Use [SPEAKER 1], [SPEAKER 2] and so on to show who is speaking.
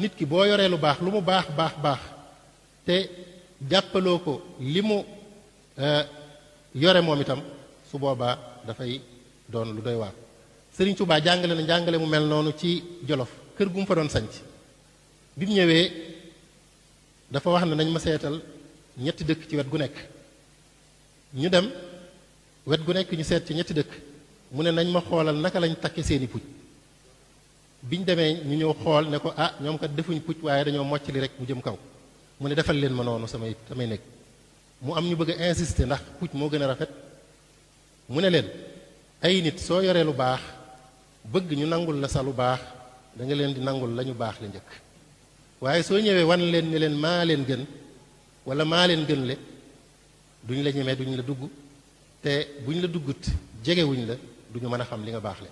[SPEAKER 1] nit ki boo yoree lu baax lu mu baax baax baax te jàppaloo ko li mu euh, yore moom itam su boobaa dafay doon lu doy waar Sëriñ Tuubaa jàngale na jàngale mu mel noonu ci Jolof kër gu mu fa doon sanc bi ñëwee dafa wax ne nañ ma seetal ñetti dëkk ci wet gu nekk ñu dem wet gu nekk ñu seet ci ñetti dëkk mu ne nañ ma xoolal naka lañ takkee seeni puj biñ demee ñu ñëw xool ne ko ah ñoomkat defuñu defuñ pucc waaye dañoo mocc li rek mu jëm kaw mu ne defal leen ma noonu samay samay nekk mu am ñu bëgg a ndax pucc moo gën a rafet mu ne leen ay nit soo yoree lu baax bëgg ñu nangul la sa lu baax da leen di nangul la ñu baax la njëkk waaye soo ñëwee wan leen ne leen maa leen gën wala maa leen gën le duñ la ñemee duñ la dugg te buñ la duggut
[SPEAKER 2] jegewuñ la duñu mën a xam li nga baax le